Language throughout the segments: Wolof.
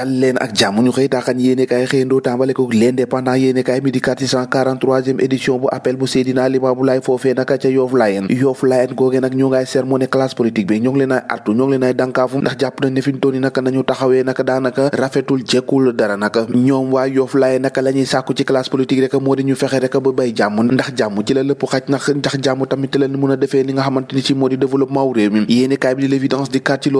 dal leen ak jàmm ñu xëy taaxan yéene kaay xëyandoo tàmbale ko l'indépendant yéene kaay mi di édition bu appel bu Seydina Limaamu Laay foofee naka ca Yoff Layeen Yoff Layeen googee nag ñu ngay classe politique bi ñoom waa Yoff Layeen naka la ñuy ci classe politique rek moo ñu fexe rek ba bay jàmm ndax jàmm ci la lépp xaj ndax ndax jàmm tamit la mën a nga xamante ci moo développement wu réew mi yéene l'évidence di kat ci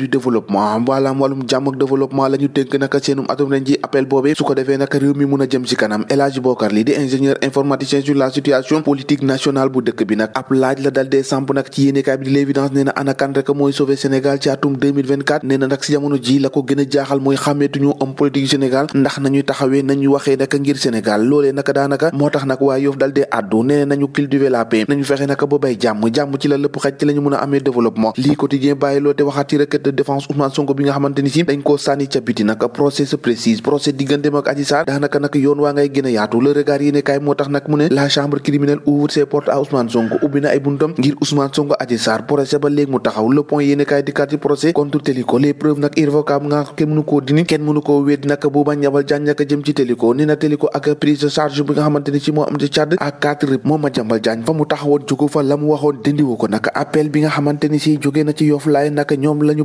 du développement voilà wàllum jàmm développement la ñu naka seenum atum ren ji appel boobee su naka réew mi mun a jëm ci kanam El ingénieur informaticien sur la situation politique nationale bu dëkk bi nag la dal dee samp ci yéenekaay bi di l'évidence nee na rek mooy sauver Sénégal ci atum 2024 nee si jamono ji la ko gën mooy xàmmeetuñu homme politique Sénégal ndax nañu cultiver nañu fexe naka ba bay de défense Ousmane Sonko bi nga dañ koo sànni ca biti procès précise procès digganteem ak a yaatu fa mu taxawoon jógu fa la waxoon dindiwu ko nag appel bi nga xamante ni na ci Yoff Laay ñoom lañu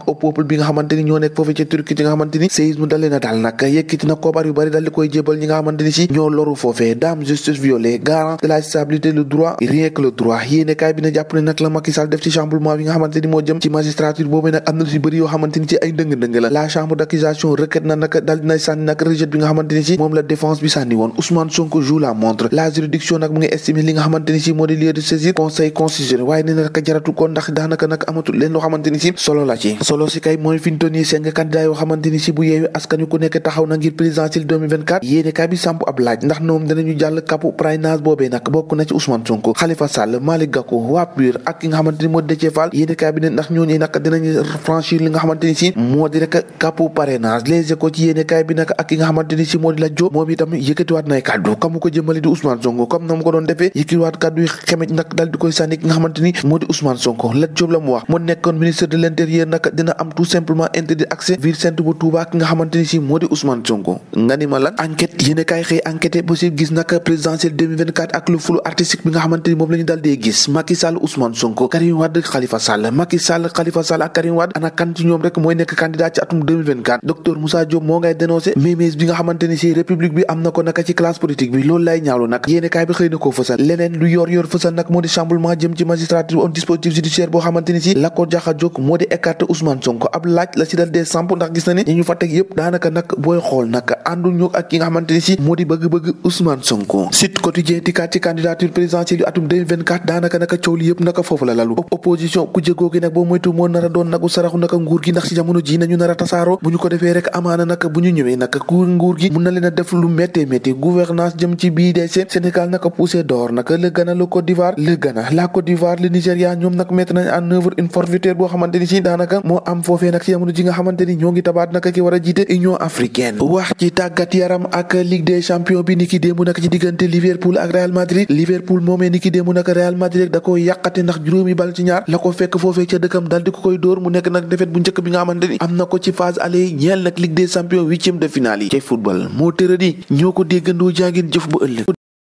ak au peuple bi nga xamante ni ñoo nekk foofu ci Turquie ci nga xamante ni dalee na daal nag yëkkati na kobar yu bari daal di koy jébal ñi nga xamante ni si la stabilité le droit rien que le droit na jàpp ne nag la Macky Sall def ci chamboulement bi nga xamante ni moo jëm na si la la chambre d'accusation requête na nag nga xamante ni moom la défense bi sànni woon Ousmane Sonko joue la montre la juridiction nag mu ngi estimé li nga xamante ni moo de saisir conseil constitutionnel waaye nee na nag jaratu ko ndax daanaka nag leen loo xamante ni si la ci solo si kay mooy fintoon yi seen candidat yoo xamante si bu yeewi askanu nekk taxaw na ngir présidentielle 2024 yéene kaay bi samp ab laaj ndax ñoom danañu jàll kapu parrainage boobee nag na ci Ousmane Sonko bi ndax ñooñu nag dinañu franchir li nga xamante ni rek kapu parrainage les échos ci yéene kaay bi nag ak ki nga xamante ni la jóob moom itam yëkkatiwaat nay kàddu kamu ko jëmale di Ousmane Sonko comme na ko doon defee yëkkatiwaat kàddu yi xemeej nag dina am tout simplement interdit accès ville centre bu Touba nga xamante si moo di Ousmane Sonko nga ni ma lan enquête yéen a ak lu ana kan ñoom rek mooy nekk candidat ci atum 2024 docteur Moussa Diop moo ngay dénoncé mémés bi nga xamante si république bi am na ko naka ci classe politique bi loolu lay ñaawlu nag yéen kaay bi xëy na koo fësal leneen lu yor yor fësal nag moo di chamboulement jëm ci magistrature un Ousmane Sonko dee samp ndax gis na ne ñu fa teg yëpp daanaka nag booy xool nag àndul ñu ak ki xamante ni si moo di bëgg-bëgg Ousmane Sonko Sud Quotidien di ci candidature présidentielle yu atum daanaka naka coow li yëpp naka foofu la lalu opposition ku jégoo gi nag boo moytu moo nar doon nagu saraxu naka nguur gi ndax ci jamono ji nañu nar a tasaaroo bu ñu ko defee rek amaana naka bu ñu ñëwee naka ku nguur gi mun na leen def lu méttee métti gouvernance moo am foofee nag ci jamono ji nga xamante ñoo ngi tabaat naka ki war a jiite union africaine wax ci tàggat yaram ak ligue des champions bi ni ki nag ci diggante Liverpool ak Real Madrid Liverpool moomee ni ki nag Real Madrid da ko yàqate juróomi bal ci ñaar la fekk foofee ca dëkkam dal di ko koy dóor mu nekk nag defet bu njëkk bi nga xamante am na ko ci phase aller ñeel nag ligue des champions huitième de finale ci football moo tëradi ñoo ko